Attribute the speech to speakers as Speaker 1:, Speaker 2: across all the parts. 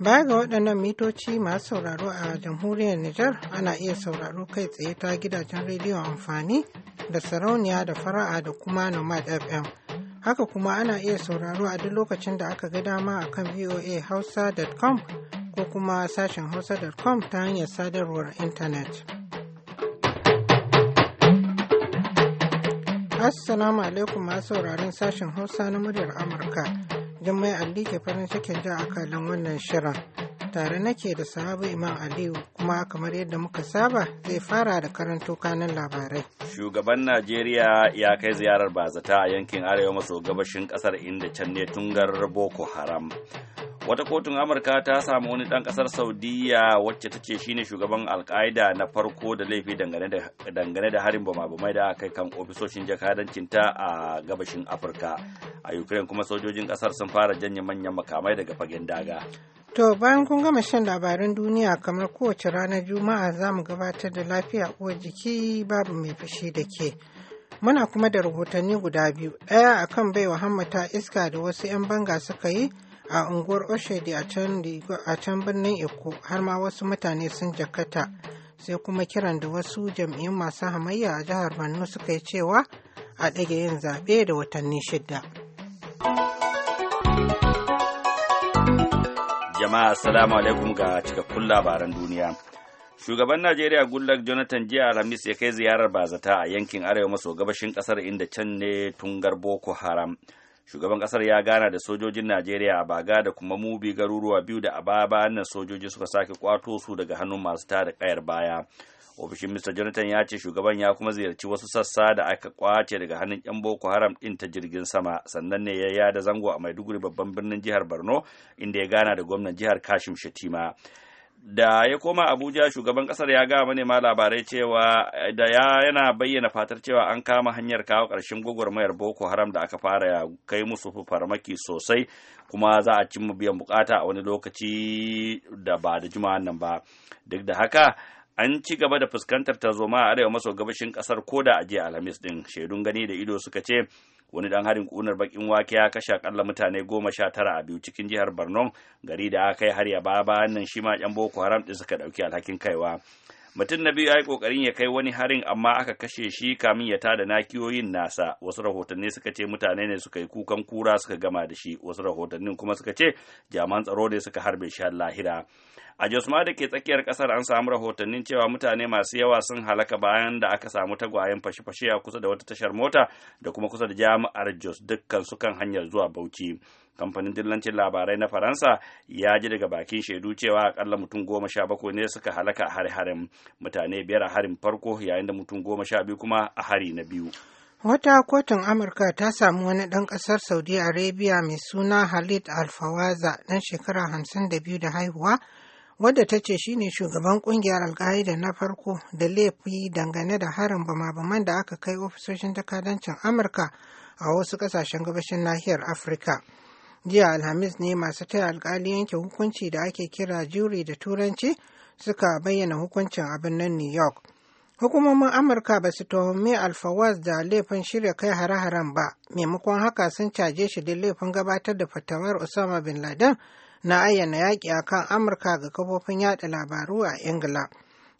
Speaker 1: Baya ga waɗannan mitoci masu sauraro a jamhuriyar Nijar ana iya sauraro kai tsaye ta gidajen rediyon amfani da sarauniya da fara'a da kuma nomad FM. Haka kuma ana iya sauraro a duk lokacin da aka ga dama a kan voahausa.com ko kuma sashen hausa.com ta hanyar sadarwar intanet. Assalamu alaikum masu sauraron sashen hausa na muryar Amurka. Jummai Ali ke farin cikin ja akalin wannan shirin. Tare nake da sahabu Imam Aliyu kuma kamar yadda muka saba zai fara da karanto kanin labarai.
Speaker 2: Shugaban Najeriya ya kai ziyarar bazata a yankin arewa maso gabashin kasar inda can ne tungar Boko Haram. wata kotun amurka ta samu wani dan kasar saudiya wacce ta ce shine shugaban alkaida na farko da laifi dangane da harin bama-bamai da aka kan ofisoshin ta a gabashin afirka a ukraine kuma sojojin kasar sun fara janye manyan makamai daga fagen daga
Speaker 1: to bayan kun gama shan labaran duniya kamar kowace ranar juma'a za mu gabatar da lafiya uwar jiki babu mai fushi da ke muna kuma da rahotanni guda biyu ɗaya akan baiwa hammata iska da wasu 'yan banga suka yi a unguwar oshedi a can birnin eko har ma wasu mutane sun jakata sai kuma kiran da wasu jam'iyyun masu hamayya a jihar borno suka yi cewa a ɗage yin zaɓe da watanni shida
Speaker 2: jama'a assalamu alaikum ga cikakkun labaran duniya shugaban najeriya goodluck jonathan jiya alhamis ya kai ziyarar bazata a yankin arewa maso gabashin kasar inda can ne tungar boko haram shugaban kasar ya gana da sojojin najeriya a baga da kuma mubi garuruwa biyu da a baya bayan nan sojoji suka sake kwato su daga hannun masu tada kayar baya ofishin mr jonathan ya ce shugaban ya kuma ziyarci wasu sassa da aka kwace daga hannun yan boko haram din ta jirgin sama sannan ne ya yada zango a maiduguri babban birnin jihar borno inda ya gana da gwamnan jihar kashim shatima da ya koma abuja shugaban kasar ya ga manema labarai cewa eh, da ya yana bayyana fatar cewa an kama hanyar kawo ƙarshen gwagwarmayar boko haram da aka fara ya kai musu farmaki sosai kuma za a cimma biyan bukata a wani lokaci da ba da juma'an nan ba duk da haka an ci gaba da fuskantar tarzoma a arewa maso gabashin kasar koda a jiya alhamis din shaidun gani da ido suka ce wani dan harin kunar bakin wake ya kashe akalla mutane goma sha tara a biyu cikin jihar borno gari da aka kai har ya baya bayan nan shi ma yan boko haram din suka dauki alhakin kaiwa mutum na biyu ya yi kokarin ya kai wani harin amma aka kashe shi kamin ya tada nakiyoyin nasa wasu rahotanni suka ce mutane ne suka yi kukan kura suka gama da shi wasu rahotannin kuma suka ce jaman tsaro ne suka harbe shi lahira a jos da ke tsakiyar kasar an samu rahotannin cewa mutane masu yawa sun halaka bayan da aka samu tagwayen fashe-fashe a kusa da wata tashar mota da kuma kusa da jami'ar jos dukkan su kan hanyar zuwa bauchi kamfanin dillancin labarai na faransa ya ji daga bakin shaidu cewa akalla mutum goma sha bakwai ne suka halaka a hare-haren mutane biyar a harin farko yayin da mutum goma sha biyu kuma a hari na biyu
Speaker 1: Wata kotun Amurka ta samu wani dan kasar Saudi Arabia mai suna halid Alfawaza dan shekara biyu da haihuwa wadda ta ce shi ne shugaban kungiyar alka'ida na farko da laifi dangane da harin bama-baman da aka kai ofisoshin takadancin amurka a wasu kasashen gabashin nahiyar afirka jiya alhamis ne masu taya alkali yanke hukunci da ake kira juri da turanci suka bayyana hukuncin abin nan new york hukumomin amurka ba su tuhumi alfawaz da laifin shirya kai hare-haren ba maimakon haka sun caje shi da laifin gabatar da fatawar osama bin laden na ayyana yaƙi a kan amurka ga kafofin yaɗa labaru a ingila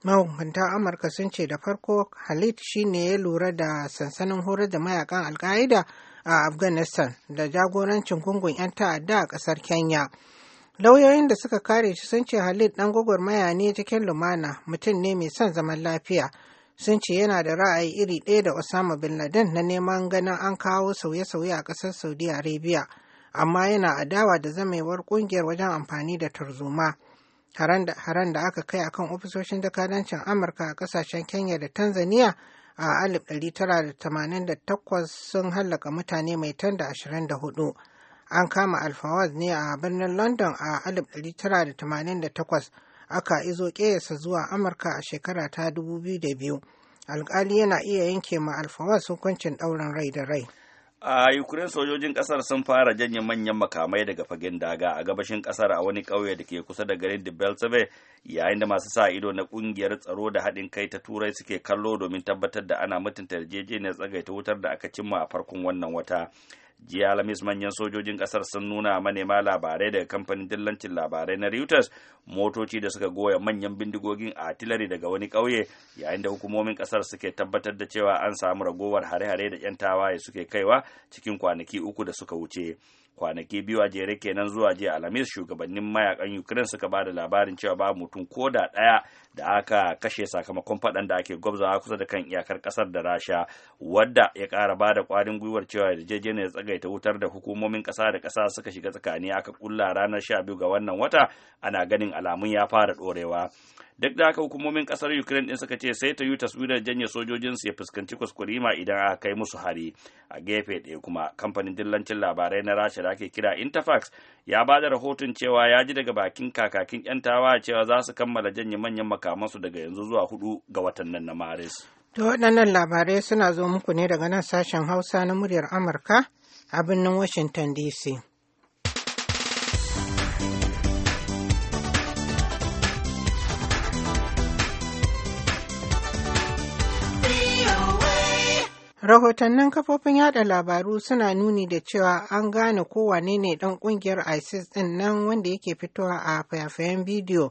Speaker 1: mahukuntan amurka sun ce da farko halit shine ya lura da sansanin horar da mayakan alka'ida a afghanistan da jagorancin gungun 'yan ta'adda a ƙasar kenya lauyoyin da suka kare shi sun ce halit ɗan gwagwarmaya ne cikin lumana mutum ne mai son zaman lafiya sun ce yana da ra'ayi iri ɗaya da Osama bin Laden na neman ganin an kawo sauye-sauye a ƙasar Saudi Arabia amma yana adawa da zamewar kungiyar wajen amfani da tarzoma. Haran da aka kai akan ofisoshin jakadancin Amurka a kasashen Kenya da Tanzania a 1988 sun hallaka mutane mai tanda 24. An kama Alfawaz ne a birnin London a 1988 aka izo ƙeyasa zuwa Amurka a shekara ta 2002. Alkali yana iya yanke ma Alfawaz hukuncin ɗaurin rai da rai.
Speaker 2: a ukraine sojojin kasar sun fara janye manyan makamai daga fagen daga a gabashin kasar a wani ƙauye da ke kusa da garin da belzebe yayin da masu sa ido na ƙungiyar tsaro da haɗin kai ta turai suke kallo domin tabbatar da ana mutunta yarjejeniyar tsagaita wutar da aka cimma a farkon wannan wata jiya alhamis manyan sojojin kasar sun nuna manema labarai daga kamfanin dillancin labarai na reuters motoci da suka goya manyan bindigogin artillery daga wani ƙauye yayin da hukumomin kasar suke tabbatar da cewa an samu ragowar hare-hare da 'yan tawaye suke kaiwa cikin kwanaki uku da suka wuce kwanaki biyu a jere kenan zuwa jiya alhamis shugabannin mayakan ukraine suka ba da labarin cewa ba mutum ko da ɗaya da aka kashe sakamakon faɗan da ake gwabzawa kusa da kan iyakar ƙasar da rasha wadda ya kara bada da ƙwarin gwiwar cewa yarjejeniyar tsagaita wutar da hukumomin ƙasa da kasa suka shiga tsakani aka kulla ranar sha biyu ga wannan wata ana ganin alamun ya fara ɗorewa duk da haka hukumomin kasar ukraine din suka ce sai ta yi taswirar janye su ya fuskanci kwaskwarima idan aka kai musu hari a gefe ɗaya kuma kamfanin dillancin labarai na rasha da ake kira interfax ya ba da rahoton cewa ya ji daga bakin kakakin yan tawa cewa za su kammala janye manyan makamansu daga yanzu zuwa hudu ga watan nan na maris
Speaker 1: to waɗannan labarai suna zo muku ne daga nan sashen hausa na muryar amurka a birnin washington dc Rahotannin kafofin yada labaru suna nuni da cewa an gane kowane ne ɗan ƙungiyar ISIS din nan wanda yake fitowa a fayafayen bidiyo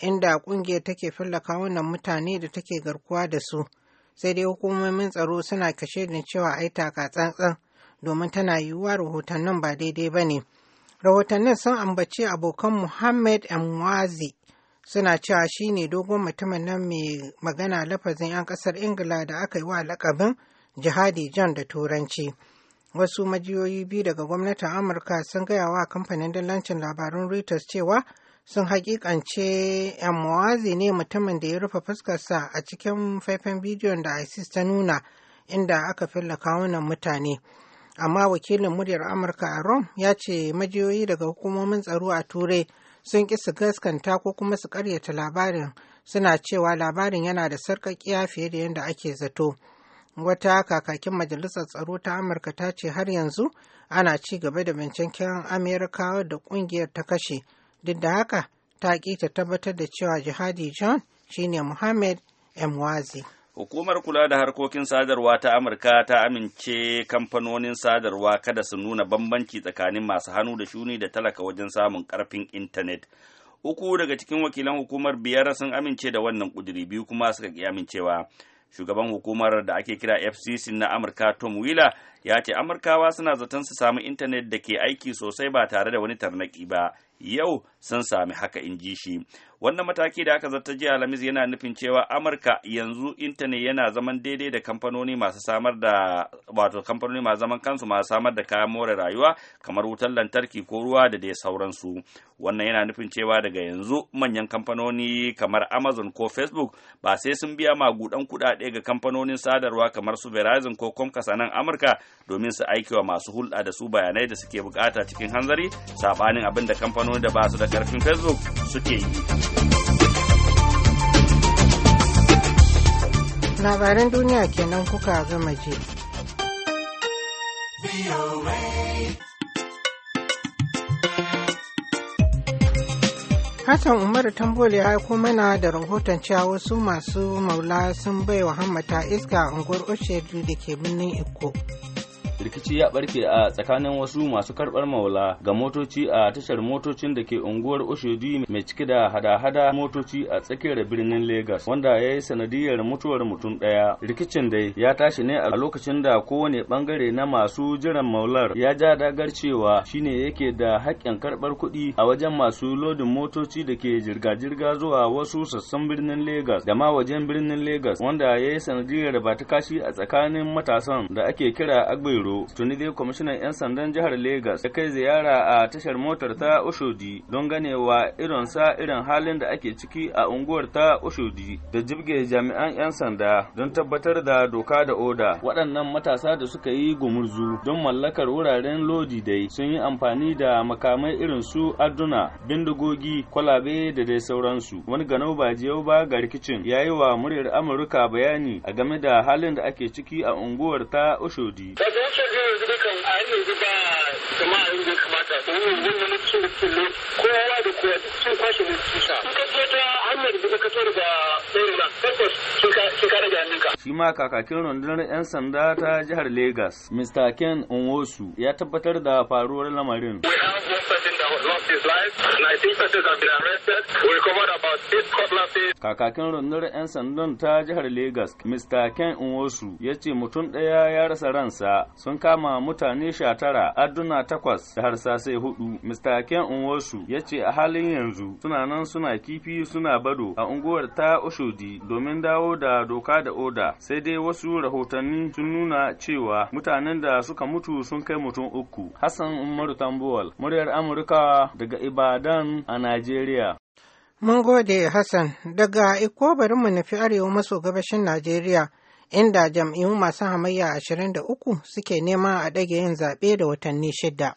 Speaker 1: inda ƙungiyar take fallaka wannan mutane da take garkuwa da su. Sai dai hukumomin tsaro suna kashe da cewa ai taka tsantsan domin tana yiwuwa rahotannin ba daidai ba ne. Rahotannin sun ambaci abokan Muhammad Mwazi suna cewa shi ne dogon mutumin nan mai magana lafazin 'yan ƙasar Ingila da aka yi wa lakabin jihadi john da turanci wasu majiyoyi biyu daga gwamnatin amurka sun gaya wa kamfanin dillancin labarun reuters cewa sun hakikance muwazi ne mutumin da ya rufe fuskarsa a cikin faifan bidiyon da isis ta nuna inda aka filla kawunan mutane amma wakilin muryar amurka a rome ya ce majiyoyi daga hukumomin tsaro a turai sun ƙi su gaskanta ko kuma su karyata labarin suna cewa labarin yana da sarƙaƙiya fiye da yadda ake zato. wata kakakin majalisar tsaro ta amurka ta ce har yanzu ana ci gaba da binciken amerikawa da kungiyar ta kashe duk da haka ta ƙi ta tabbatar da cewa jihadi john shine muhammad mwazi
Speaker 2: Hukumar kula da harkokin sadarwa ta Amurka ta amince kamfanonin sadarwa kada su nuna bambanci tsakanin masu hannu da shuni da talaka wajen samun karfin intanet. Uku daga cikin wakilan hukumar biyar sun amince da wannan kuduri biyu kuma suka ki amincewa. shugaban hukumar da ake kira fcc na amurka tom wheeler ya ce amurkawa suna zaton su samu intanet da ke aiki sosai ba tare da wani tarnaki ba yau sun sami haka in ji shi wannan mataki da aka zata jiya alhamis yana nufin cewa amurka yanzu intanet yana zaman daidai da kamfanoni masu samar da wato kamfanoni masu zaman kansu masu samar da kayan more rayuwa kamar wutar lantarki ko ruwa da dai sauransu wannan yana nufin cewa daga yanzu manyan kamfanoni kamar amazon ko facebook ba sai sun biya magudan kuɗaɗe ga kamfanonin sadarwa kamar su verizon ko comcast a nan amurka domin su aikewa masu hulɗa da su bayanai da suke bukata cikin hanzari sabanin abin da kamfanoni da ba su da karfin facebook suke yi
Speaker 1: labaran duniya kenan kuka gama je Hassan Umaru Tambole ya aiko mana da rahoton cewa wasu masu maula sun baiwa hammata iska a unguwar oshedu da ke birnin Eko.
Speaker 3: rikici ya barke a tsakanin wasu masu karbar maula ga motoci a tashar motocin da ke unguwar Oshodi mai ciki da hada-hada motoci a tsakiyar birnin Legas wanda ya yi sanadiyar mutuwar mutum ɗaya. Rikicin dai ya tashi ne a lokacin da kowane bangare na masu jiran maular ya ja dagar cewa shine yake da haƙƙin karbar kuɗi a wajen masu lodin motoci da ke jirga-jirga zuwa wasu sassan birnin Legas da ma wajen birnin Legas wanda ya yi sanadiyar ba ta a tsakanin matasan da ake kira Agbero. Bayero tuni dai kwamishinan 'yan sandan jihar Legas ya kai ziyara a tashar motar ta Oshodi don ganewa irin sa irin halin da ake ciki a unguwar ta Oshodi da jibge jami'an 'yan sanda don tabbatar da doka da oda. Waɗannan matasa da suka yi gumurzu don mallakar wuraren lodi dai sun yi amfani da makamai irin su aduna bindigogi, kwalabe da dai sauransu. Wani ganau ba jiyau ba ga rikicin ya yi wa muryar Amurka bayani a game da halin da ake ciki a unguwar ta Oshodi.
Speaker 4: ce zai yanzu dukan a yanzu ba jama'a yanzu ya kamata don yanzu na mutum da ke kowa
Speaker 1: da kowa duk sun kwashe ne su sha. In ka ta hanyar da ka tsoro da tsoro na tabbas sun ka rage hannunka.
Speaker 3: Shi ma kakakin rundunar 'yan sanda ta jihar Legas, Mr. Ken Nwosu ya tabbatar da faruwar lamarin.
Speaker 4: We have one person that was lost his life, 19 persons have been arrested, we recovered about 8 cutlasses
Speaker 3: kakakin rundunar 'yan sandan ta jihar Legas, Mr. Ken Nwosu, ya ce mutum ɗaya ya rasa ransa sun kama mutane sha tara, adduna takwas da harsasai hudu. Mr. Ken Nwosu ya ce a halin yanzu suna nan suna kifi suna bado a unguwar ta Oshodi domin dawo da doka da oda. Sai dai wasu rahotanni sun nuna cewa mutanen da suka mutu sun kai mutum uku. Hassan Umaru Tambuwal, muryar Amurka daga Ibadan a Najeriya.
Speaker 1: Mun gode Hassan daga Iko bari mu nufi arewa maso gabashin Najeriya inda jam'iyyun masu hamayya 23 suke nema a ɗage yin zaɓe da watanni shida.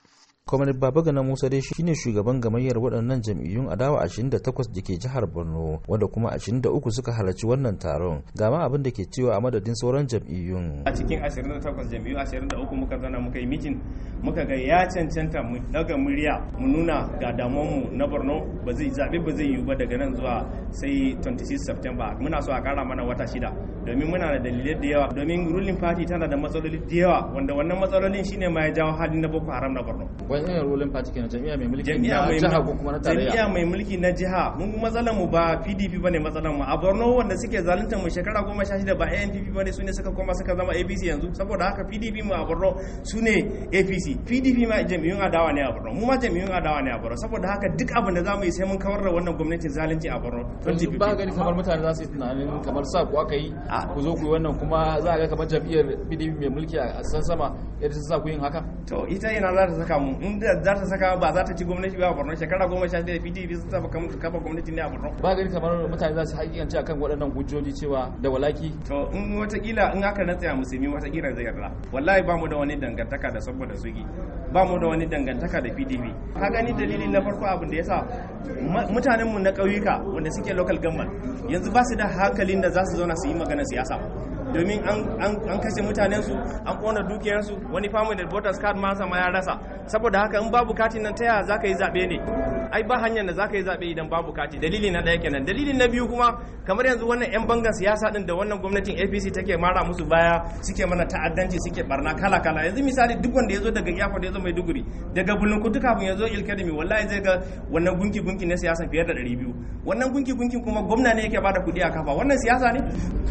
Speaker 5: baba Babagana Musa dai shine shugaban gamayyar waɗannan jam'iyyun adawa 28 da ke jihar Borno wanda kuma 23 suka halarci wannan taron. Ga abin da ke cewa a madadin sauran jam'iyyun. A cikin 28 jam'iyyu 23 muka zana muka yi mijin muka ga ya cancanta mu daga murya mu nuna ga mu na Borno ba zai zaɓe ba zai yiwu ba daga nan zuwa sai 26 September muna so a ƙara mana wata shida domin muna da dalilai da yawa domin ruling party tana da matsaloli da yawa wanda wannan matsalolin shine ma ya jawo halin na Boko Haram na Borno. jam'iyyar ruling party kenan jam'iyya mai mulki na jiha ko kuma na tarayya Jami'a mai mulki na jiha mun kuma mu ba PDP bane matsalar mu a Borno wanda suke zalunta mu shekara 16 ba ANPP bane sune suka koma suka zama APC yanzu saboda haka PDP mu a Borno sune APC PDP ma jam'iyyun adawa ne a Borno mu ma jam'iyyun adawa ne a Borno saboda haka duk abin da zamu yi sai mun kawar da wannan gwamnatin zalunci a Borno 2015 ba gani kamar mutane za su yi tunanin kamar sa ku aka yi ku zo ku yi wannan kuma za a ga kamar jam'iyyar PDP mai mulki a san sama yadda ta sa ku yin haka to ita ina za ta saka mu in da za ta saka ba za ta ci gwamnati ba a borno shekara goma sha biyar pdp sun saba kafa gwamnati ne a borno ba gani kamar mutane za su a kan waɗannan hujjoji cewa da walaki to in watakila in aka na tsaya musulmi watakila zai yarda wallahi ba mu da wani dangantaka da saboda sugi ba mu da wani dangantaka da pdp ka gani dalilin na farko abin da ya mutanen mu na ƙauyuka wanda suke local government yanzu ba su da hankalin da za su zauna su yi magana siyasa domin an kashe mutanensu an kona dukiyarsu wani family voters card ma sama ya rasa saboda haka in babu katin nan ta yaya za ka yi zaɓe ne ai ba hanyar da za ka yi zaɓe idan babu kati dalili na ɗaya kenan dalili na biyu kuma kamar yanzu wannan 'yan bangar siyasa ɗin da wannan gwamnatin apc take mara musu baya suke mana ta'addanci suke barna kala kala yanzu misali duk wanda ya zo daga yafa da ya zo maiduguri daga bulunkutu kafin ya zo ilkadimi wallahi zai ga wannan gunki gunki na siyasa fiye da ɗari biyu wannan gunki gunki kuma gwamna ne yake bada kuɗi a kafa wannan siyasa ne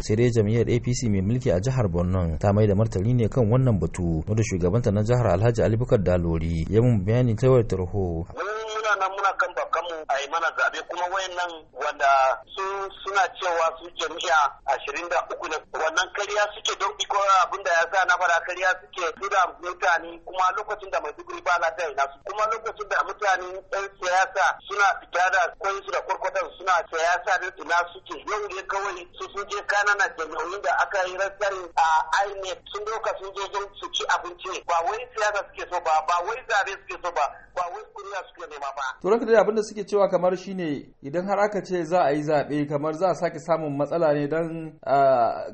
Speaker 5: sai dai jam'iyyar apc mai mulki a jihar Borno ta mai da martani ne kan wannan batu wanda shugabanta na jihar Alhaji Ali Bukar Dalori ya mun bayani ta wayar tarho.
Speaker 4: Wani muna nan muna kan samu a yi mana zaɓe kuma wayan nan
Speaker 2: wanda su suna cewa su jami'a ashirin da uku ne wannan kariya suke don iko abin da ya sa na fara kariya suke tura mutane kuma lokacin da maiduguri ba na ina nasu kuma lokacin da mutane ɗan siyasa suna fita da kwansu da kwarkwatan suna siyasa da ina suke yau ne kawai su sun je kanana jami'o'in da aka yi rasarin a inec sun doka sun je don su ci abinci ba wai siyasa
Speaker 5: suke so ba ba wai zabe suke so ba ba wai kuriya suke nema ba. Turanka da abin da suke suke cewa kamar shine idan har aka ce za a yi zaɓe kamar za a sake samun matsala ne don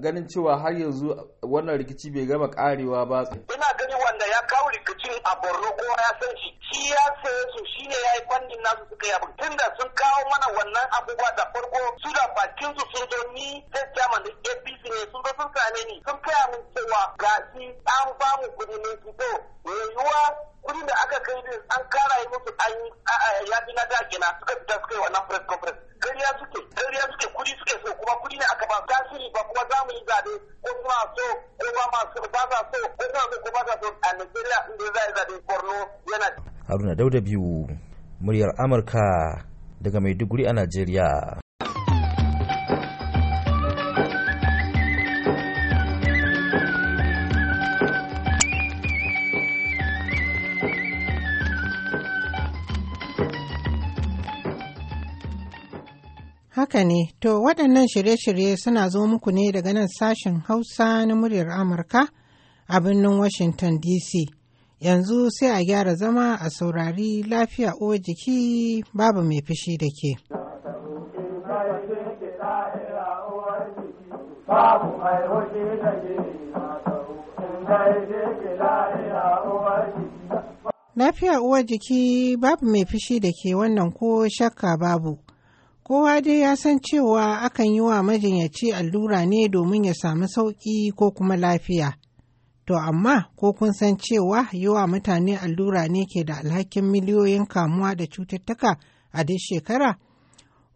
Speaker 5: ganin cewa har yanzu wannan rikici bai gama karewa ba. Ina gani wanda ya kawo rikicin a Borno kowa ya san shi shi ya saye
Speaker 2: su shi ne ya yi fannin nasu suka yi tun da sun kawo mana wannan abubuwa da farko su da bakin su sun zo ni zai chairman da APC ne sun zo sun same ni sun kaya min cewa gasi an ba mu kudi ne fito yiwuwa wurin da aka kai
Speaker 5: din an kara yi musu an ya ji na dake na suka fita suka yi wannan press conference gariya suke gariya suke kudi suke so kuma kudi ne aka ba tasiri ba kuma za mu yi zabe ko kuma so ko ba ma so ba za so ko kuma so ko ba za so a Najeriya in da za a yi zabe Borno yana Haruna Dauda biyu muryar Amurka daga Maiduguri a Najeriya
Speaker 1: Haka ne, to waɗannan shirye-shirye suna zo muku ne daga nan sashen Hausa na muryar Amurka a birnin Washington DC. Yanzu sai a gyara zama a saurari lafiya uwa jiki babu mai fushi da ke. Lafiya uwar jiki babu mai fushi da ke wannan ko shakka babu. Kowa dai ya san cewa akan yi wa majinyaci allura ne domin ya samu sauƙi ko kuma lafiya. To amma ko kun san cewa yi wa mutane allura ne ke da alhakin miliyoyin kamuwa da cututtuka a duk shekara?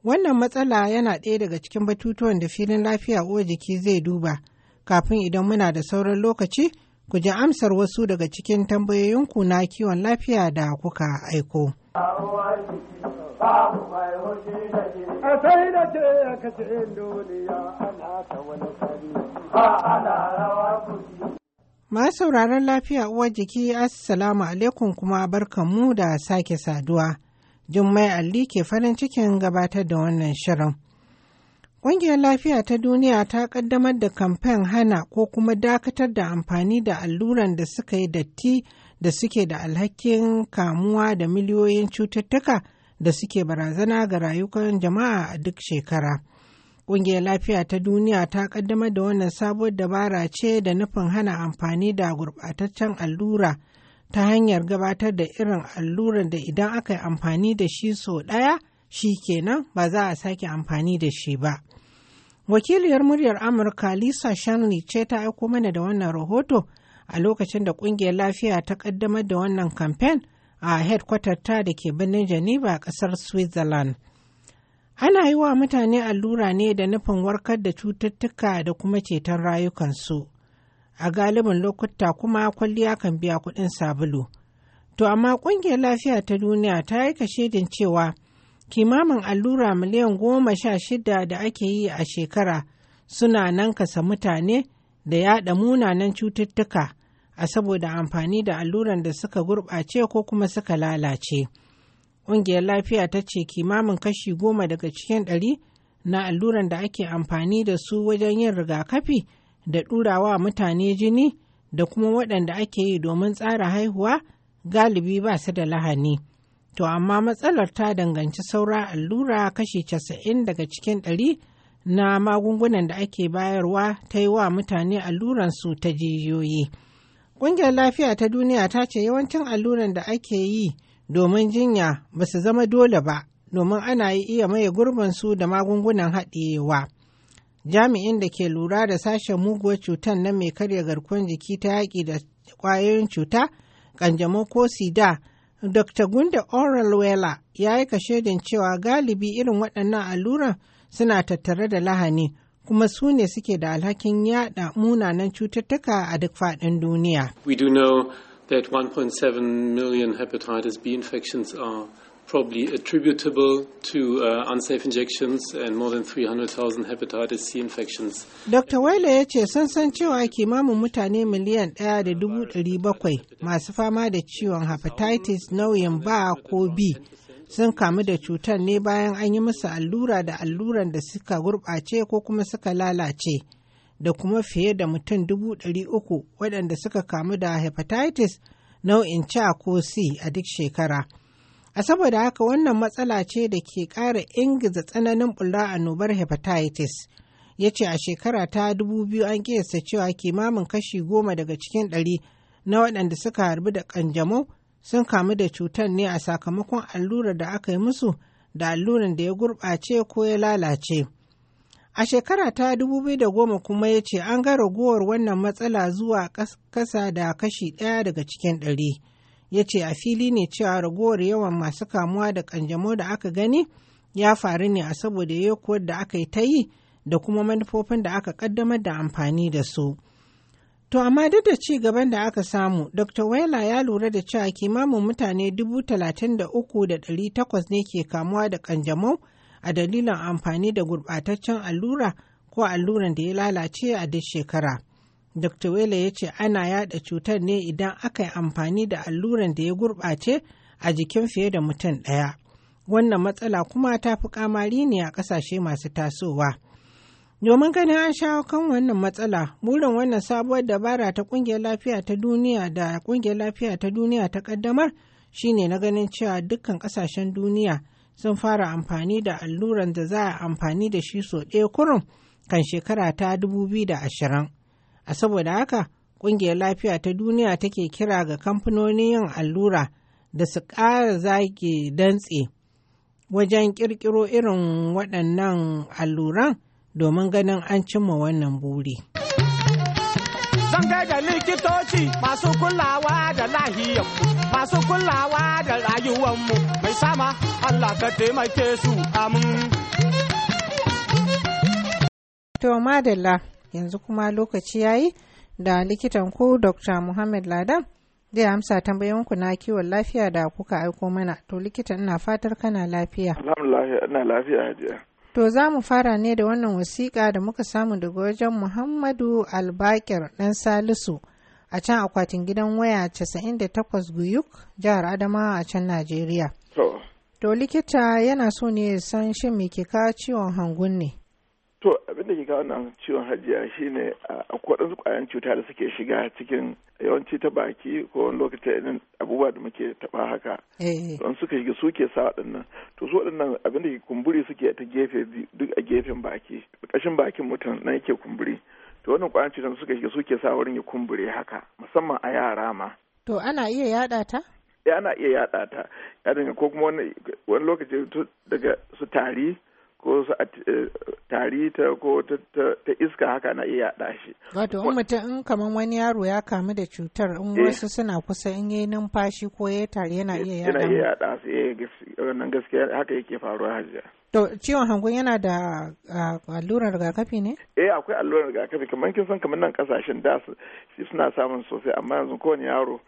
Speaker 1: Wannan matsala yana ɗaya daga cikin batutuwan da filin lafiya uwa jiki zai duba. Kafin idan muna da sauran lokaci, ku ji amsar wasu daga cikin tambayoyinku na kiwon lafiya da kuka aiko. a Ma sauraron lafiya uwar jiki assalamu alaikum kuma mu da sake saduwa. Jummai alli ke farin cikin gabatar da wannan shirin. Ƙungiyar lafiya ta duniya ta ƙaddamar da kamfen hana ko kuma dakatar da amfani da alluran da suka yi datti da suke da alhakin kamuwa da miliyoyin cututtuka da suke barazana ga rayukan jama'a a duk shekara. Ƙungiyar lafiya ta duniya ta ƙaddamar da wannan sabuwar dabara ce da nufin hana amfani da gurɓataccen allura ta hanyar gabatar da irin allurar da idan aka yi amfani da shi sau ɗaya shi kenan ba za a sake amfani da shi ba. Wakiliyar muryar Amurka Lisa Shanley ce ta aiko mana da wannan rahoto a lokacin da ƙungiyar lafiya ta ƙaddamar da wannan kamfen a headquarter ta da ke birnin Geneva a ƙasar Switzerland. Ana yi wa mutane allura ne da nufin warkar da cututtuka da kuma ceton rayukansu. A galibin lokuta kuma kwalliya kan biya kuɗin sabulu. To amma ƙungiyar lafiya ta duniya ta yi kashedin cewa kimamin allura miliyan goma sha shida da ake yi a shekara suna nan kasa mutane da yaɗa munanan cututtuka a saboda amfani da alluran da suka gurɓace ko kuma suka lalace. Ƙungiyar lafiya ta ce kimamin kashi goma daga cikin ɗari na alluran da ake amfani da su wajen yin rigakafi da ɗurawa mutane jini da kuma waɗanda ake yi domin tsara haihuwa galibi ba su da lahani. To amma matsalar ta danganci saura allura kashi casa'in daga cikin ɗari na magungunan da ake bayarwa ta yi wa mutane alluran su ta jijiyoyi. Ƙungiyar lafiya ta duniya ta ce yawancin alluran da ake yi domin jinya ba su zama dole ba domin ana iya maye gurbinsu da magungunan haɗewa. Jami'in da ke lura da sashen muguwar cutar na mai karya garkuwar jiki ta yaƙi da ƙwayoyin cuta, ƙanjamau ko sida, Dr. Gunda Oral Wela ya yi kashedin cewa galibi irin waɗannan alluran suna tattare da lahani. kuma su ne suke da alhakin yada munanan cututtuka a duk faɗin duniya. We do know that 1.7 million hepatitis B infections are probably attributable to uh, unsafe injections and more than 300,000 hepatitis C infections. Dr. Waila ya ce sun san cewa kimanin mutane miliyan ɗaya da bakwai masu fama da ciwon hepatitis nauyin ba ko B sun kamu da cutar ne bayan an yi musu allura da alluran da suka gurɓace ko kuma suka lalace da kuma fiye da mutum dubu ɗari uku waɗanda suka kamu da hepatitis nau'in C ko C a duk shekara. A saboda haka wannan matsala ce da ke ƙara ingiza tsananin bulla annobar hepatitis. Ya ce a shekara ta dubu biyu an kiyasta cewa kimamin kashi goma daga cikin ɗari na waɗanda suka harbi da ƙanjamau sun kamu da cutar ne a sakamakon allurar da aka yi musu da alluran da ya gurɓace ko ya lalace. A shekara ta goma kuma ya ce an ga ragowar wannan matsala zuwa kasa da kashi ɗaya daga cikin ɗari. Ya ce a fili ne cewa ragowar yawan masu kamuwa da ƙanjamau da aka gani ya faru ne a saboda yaukuwar da aka yi ta yi da kuma manufofin da aka ƙaddamar da amfani da su. To amma duk da ci gaban da aka samu, Dr. Wela ya lura da cewa kimanin mutane dubu talatin da uku da ɗari takwas ne ke kamuwa da ƙanjamau a dalilin amfani da gurɓataccen allura ko alluran da ya lalace a duk shekara. Dr. Wela ya ce ana yada cutar ne idan aka yi amfani da alluran da ya gurɓace a jikin fiye da mutum ɗaya. Wannan matsala kuma ta fi kamari ne a ƙasashe masu tasowa. Domin ganin an shawo kan wannan matsala, burin wannan sabuwar dabara ta kungiyar lafiya ta duniya da kungiyar lafiya ta duniya ta kaddamar shine na ganin cewa dukkan kasashen duniya sun fara amfani da alluran da za a amfani da shi so ɗaya kurum kan shekara ta 2020. A saboda haka, kungiyar lafiya ta duniya take kira ga kamfanonin yin allura da su ƙara zage dantse wajen ƙirƙiro irin waɗannan alluran. domin ganin an cimma wannan buri. Zan da likitoci masu kulawa da lahiyar masu kulawa da rayuwanmu mai sama Allah ka taimake su amin. To madalla yanzu kuma lokaci yayi da likitan ku Dr. Muhammad Ladan zai amsa tambayoyinku na kiwon lafiya da kuka aiko mana to likita ina fatar kana lafiya.
Speaker 4: Alhamdulillah ina lafiya hajiya.
Speaker 1: To za mu fara ne da wannan wasiƙa da muka samu daga wajen Muhammadu Albakir ɗan Salisu a can akwatin gidan waya 98 Guyuk, jihar Adamawa a can Najeriya. To likita yana so ne san shin me ke kawo ciwon hangun ne?
Speaker 4: To abin da ke kawo wannan ciwon hajiya shine akwai waɗansu ƙwayan cuta da suke shiga cikin yawanci ta baki ko wani lokaci irin abubuwa da muke taɓa haka. Don eh. suka shiga suke sa waɗannan. To su waɗannan abin da ke kumburi suke ta gefe duk a gefen baki. Ƙashin bakin mutum na yake kumburi. To wannan ƙwayan cutar suka shiga suke sa wurin ya kumbure haka musamman a yara ma.
Speaker 1: To ana iya yaɗa ta?
Speaker 4: Eh, ana iya yaɗa ta. Ya ko kuma wani lokaci daga su tari. ko su a eh, tari ta ko ta iska haka na iya yaɗa shi.
Speaker 1: Wato in mutum in kamar wani yaro ya kamu da cutar in eh. wasu suna kusa in yi numfashi ko ya tari yana eh, iya yaɗa. Yana iya
Speaker 4: yaɗa su eh wannan gaskiya haka yake faruwa hajiya.
Speaker 1: To ciwon hangun yana da allurar rigakafi ne?
Speaker 4: Eh akwai allurar rigakafi kamar kin san kamar nan kasashen da suna samun sosai amma yanzu kowane yaro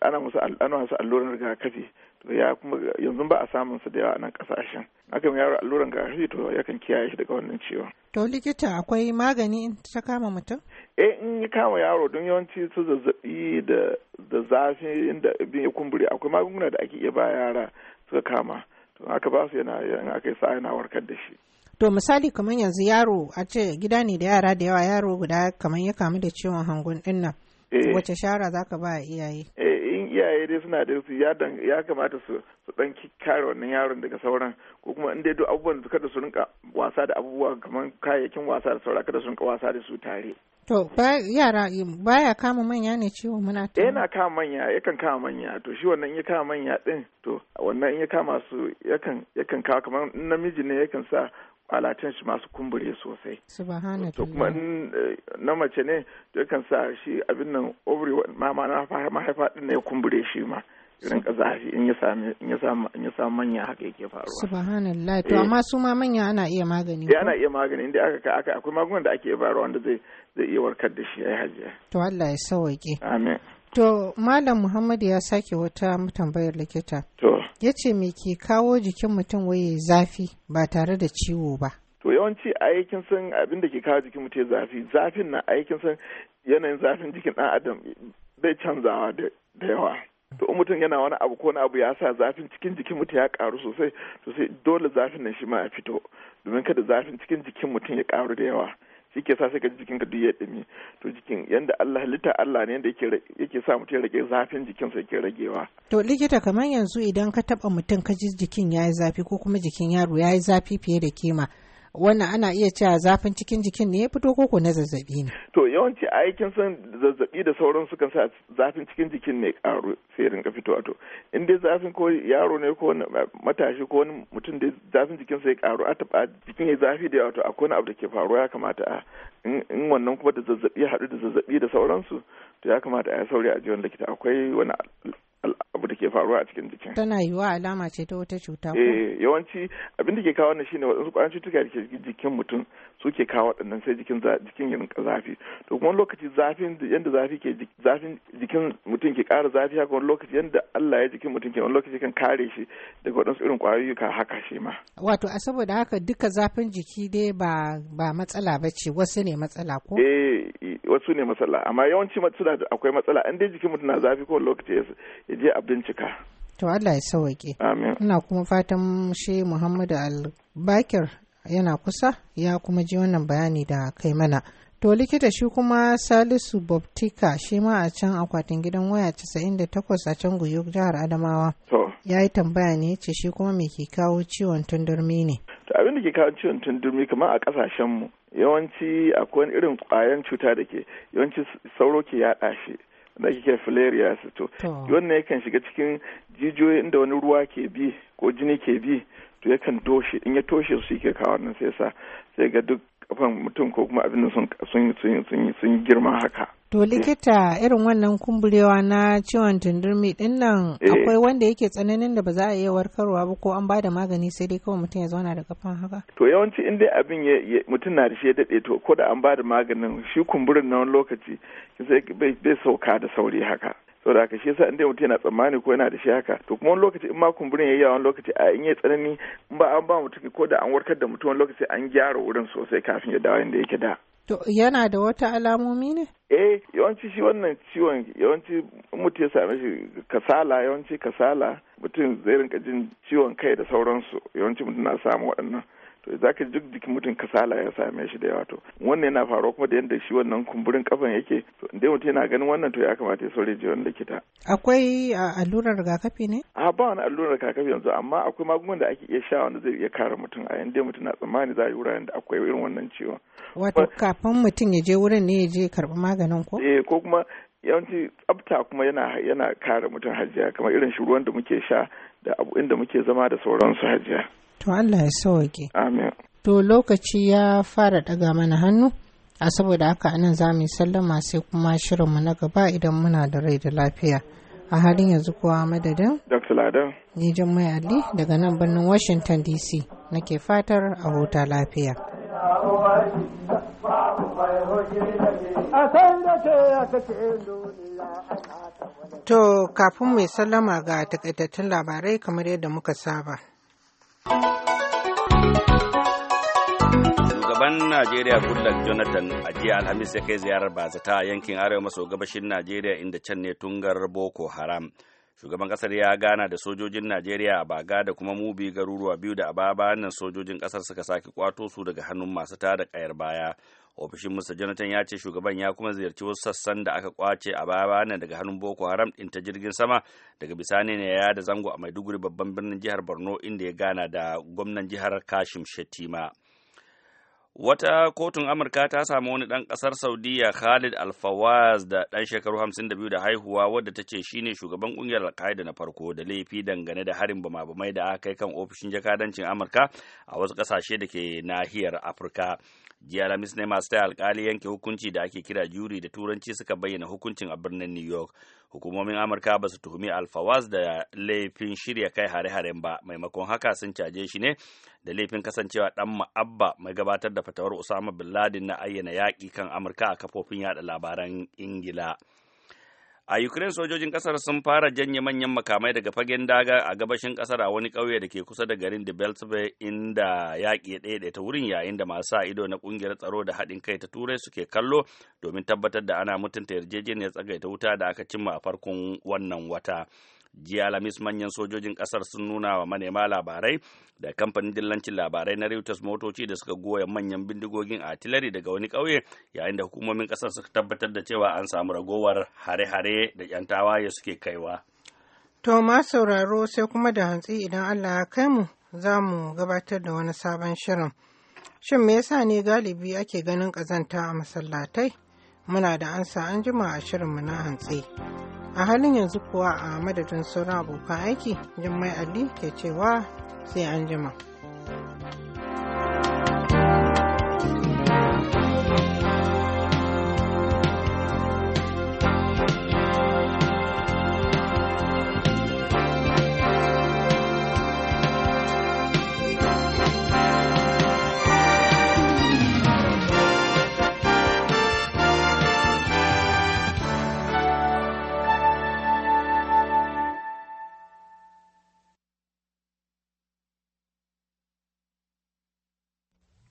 Speaker 4: ana musu allurar rigakafi. ya kuma yanzu ba a samun su da yawa a nan kasashen aka mai yaro alluran shi to yakan kiyaye shi daga wannan ciwon
Speaker 1: to likita akwai magani in ta kama mutum
Speaker 4: eh in ya kama yaro don yawanci su zazzabi da da zafi inda bin ya kumbure akwai magunguna da ake iya ba yara suka kama to aka ba su yana in aka yi sa'a yana warkar da shi
Speaker 1: to misali kamar yanzu yaro a ce gida ne da yara da yawa yaro guda kamar ya kamu da ciwon hangun din Eh. wace shara za ka ba iyaye
Speaker 4: eh, in iyaye dai suna da su ya kamata su dan kare wannan yaron daga sauran ko kuma in dai duk abubuwan kada su rinka wasa da abubuwa kamar kayayyakin wasa da saura kada su rinka wasa da su tare
Speaker 1: To yara baya kama manya ne ciwo muna ta.
Speaker 4: Eh, yana kama manya yakan kama manya to shi wannan ya kama manya din to wannan in ya kama su yakan yakan kawo kamar namiji ne yakan sa al'atan shi masu kumbure sosai. To kuma eh, na mace ne yakan sa shi abin nan ovary mama na mahaifa din ne ya kumbure shi ma. Irin kazafi in ya sami in ya samu in ya samu manya haka yake faruwa.
Speaker 1: Subhanallah to eh. amma su ma manya ana iya magani. Eh ana
Speaker 4: iya magani inda aka aka akwai magungunan da ake bayarwa wanda zai zai iya warkar da shi ya hajiya.
Speaker 1: To Allah ya sauke. Amin. To, Malam Muhammad ya sake wata tambayar likita. To. Ya ce me ke kawo jikin mutum waye zafi ba tare da ciwo ba.
Speaker 4: To yawanci aikin san abin da ke kawo jikin mutum zafi, zafin na aikin san yanayin zafin jikin ɗan adam zai canzawa da yawa. To in mutum yana wani abu ko wani abu ya sa zafin cikin jikin mutum ya karu sosai, sosai dole zafin nan shi ma ya fito. Domin kada zafin cikin jikin mutum ya karu da yawa. shi ke sa sai ka jikin ka duk ya dumi to jikin yanda Allah halitta Allah ne yanda yake yake sa mutum ya rage zafin jikin sa yake ragewa
Speaker 1: to likita kamar yanzu idan ka taɓa mutum ka ji jikin yayi zafi ko kuma jikin yaro yayi zafi fiye da kima wannan ana iya cewa zafin cikin jikin ne ya fito koko na zazzabi ne
Speaker 4: to yawanci aikin son san zazzabi da sauran sukan sa zafin cikin jikin ne karu sai rinka fitowa to in dai zafin ko yaro ne ko matashi ko wani mutum da zafin jikin sai karu a taba jikin ya zafi da yawa to akwai wani abu da ke faruwa ya kamata a in wannan kuma da zazzabi haɗu da zazzabi da sauransu to ya kamata a ya sauri a ji wani likita akwai wani abu da ke faruwa a cikin jikin
Speaker 1: tana yiwuwa alama ce ta wata cuta ko
Speaker 4: eh yawanci abin da ke kawo wannan shine wadansu kwayoyin cutuka da ke jikin mutum suke kawo waɗannan sai jikin jikin yin zafi to kuma lokaci zafin yanda zafi ke zafin jikin mutum ke ƙara zafi haka wani lokaci yanda Allah ya jikin mutum ke wani lokaci kan kare shi daga waɗansu irin ƙwayoyi ka haka shi ma
Speaker 1: wato a saboda haka duka zafin jiki dai ba ba matsala ba ce wasu ne matsala ko
Speaker 4: eh wasu ne matsala amma yawanci matsala akwai matsala an dai jikin mutum na zafi ko lokaci ya je a bincika
Speaker 1: to Allah ya sauke ina kuma fatan shi Muhammadu Al Bakir yana kusa ya kuma ji wannan bayani da kai mana. To likita shi kuma Salisu Boptika shi ma a can akwatin gidan waya 98 a can guyu jihar Adamawa. To. Ya yi tambaya ne ce shi kuma me ke kawo ciwon tundurmi ne.
Speaker 4: To abin da ke kawo ciwon tundurmi kamar a kasashenmu yawanci akwai irin kwayan cuta da ke yawanci sauro ke yaɗa shi. da kike su to wannan yakan shiga cikin jijiyoyin da wani ruwa ke bi ko jini ke bi to yakan toshe in ya toshe su ke kawo nan sai sa sai ga duk kafan mutum ko kuma abin sun sun sun girma haka
Speaker 1: to eh. likita irin wannan kumburewa na ciwon tundurmi din nan eh. akwai wanda yake tsananin da ba za a iya warkarwa ba ko an ba da magani sai dai kawai mutum ya zauna da kafan haka
Speaker 4: to yawanci in abin ya mutum na da shi ya dade to ko da an bada maganin shi kumburin na wani lokaci sai bai sauka da sauri haka saboda haka shi yasa inda mutum yana tsammani ko yana da shi haka to kuma wani lokaci in ma kumburin yayi wani lokaci a in yayi tsanani in ba an ba mutum ko da an warkar da mutum wani lokaci an gyara wurin sosai kafin ya dawo inda yake da
Speaker 1: To yana da wata alamomi ne?
Speaker 4: Eh yawanci shi wannan ciwon yawanci mutum ya sami shi kasala yawanci kasala mutum zai rinka jin ciwon kai da sauransu yawanci mutum na samu waɗannan. to za ka duk jikin mutum kasala ya same shi da yawa to wannan yana faruwa kuma da yadda shi wannan kumburin kafan yake to inda mutum yana ganin wannan to ya kamata ya saurin ji wani likita.
Speaker 1: akwai allurar rigakafi ne?
Speaker 4: a ba wani allurar rigakafi yanzu amma akwai magungunan da ake iya sha wanda zai iya kare mutum a yanda mutum na tsammani za a yi wuraren da akwai irin wannan ciwon.
Speaker 1: wato kafin mutum ya je wurin ne ya je karɓi maganin ko?
Speaker 4: eh ko kuma yawanci tsafta kuma yana yana kare mutum hajiya kamar irin shi ruwan da muke sha da abu inda muke zama da sauransu hajiya.
Speaker 1: To Allah ya sauke. Amin. To lokaci ya fara ɗaga mana hannu, a saboda haka anan za mu yi sallama sai kuma shirinmu na gaba idan muna da rai da lafiya. A halin yanzu kuwa madadin?
Speaker 4: Dr. Ladan.
Speaker 1: Ni Jummai Ali daga nan birnin Washington DC nake fatar a huta lafiya. To kafin mai sallama ga takaitattun labarai kamar yadda muka saba.
Speaker 2: shugaban najeriya goodluck jonathan a jiya alhamis ya kai ziyarar bazata a yankin arewa maso gabashin najeriya inda can ne tungar boko haram shugaban kasar ya gana da sojojin najeriya a baga da kuma mubi garuruwa biyu da ababa nan sojojin kasar suka sake kwato su daga hannun masu tada kayar baya ofishin musa jonathan ya ce shugaban ya kuma ziyarci wasu sassan da aka kwace a baya nan daga hannun boko haram din ta jirgin sama daga bisani ne ya da zango a maiduguri babban birnin jihar borno inda ya gana da gwamnan jihar kashim shetima wata kotun amurka ta samu wani dan kasar saudiya khalid alfawaz da dan shekaru 52 da haihuwa wadda ta ce shi ne shugaban ƙungiyar alkaida na farko da laifi dangane da harin bama-bamai da aka kai kan ofishin jakadancin amurka a wasu kasashe da ke nahiyar afirka jiya alhamis ne masu taya alkali yanke hukunci da ake kira juri da turanci suka bayyana hukuncin a birnin new york hukumomin amurka ba su tuhumi alfawaz da laifin shirya kai hare-haren ba maimakon haka sun caje shi ne da laifin kasancewa dan ma'abba mai gabatar da fatawar usama bin ladin na ayyana yaƙi kan amurka a kafofin yada labaran ingila A Ukraine sojojin kasar sun fara janye manyan makamai daga fagen daga a gabashin kasar a wani ƙauye da ke kusa da garin da Beltbe inda yaƙi ɗaya ta wurin yayin da masu sa ido na ƙungiyar tsaro da haɗin kai ta Turai suke kallo domin tabbatar da ana mutunta yarjejeniyar tsagaita wuta da aka cimma a farkon wannan wata. jiya alhamis manyan sojojin kasar sun nuna wa manema labarai da kamfanin dillancin labarai na reuters motoci da suka goya manyan bindigogin artillery daga wani ƙauye yayin da hukumomin kasar suka tabbatar da cewa an samu ragowar hare-hare da 'yan tawaye suke kaiwa
Speaker 1: to ma sauraro sai kuma da hantsi idan allah ya kai mu za mu gabatar da wani sabon shirin shin me yasa ne galibi ake ganin ƙazanta a masallatai muna da ansa an jima a shirinmu na hantsi a halin yanzu kuwa a madadin sauran abokan aiki jummai ali ke cewa sai an jima.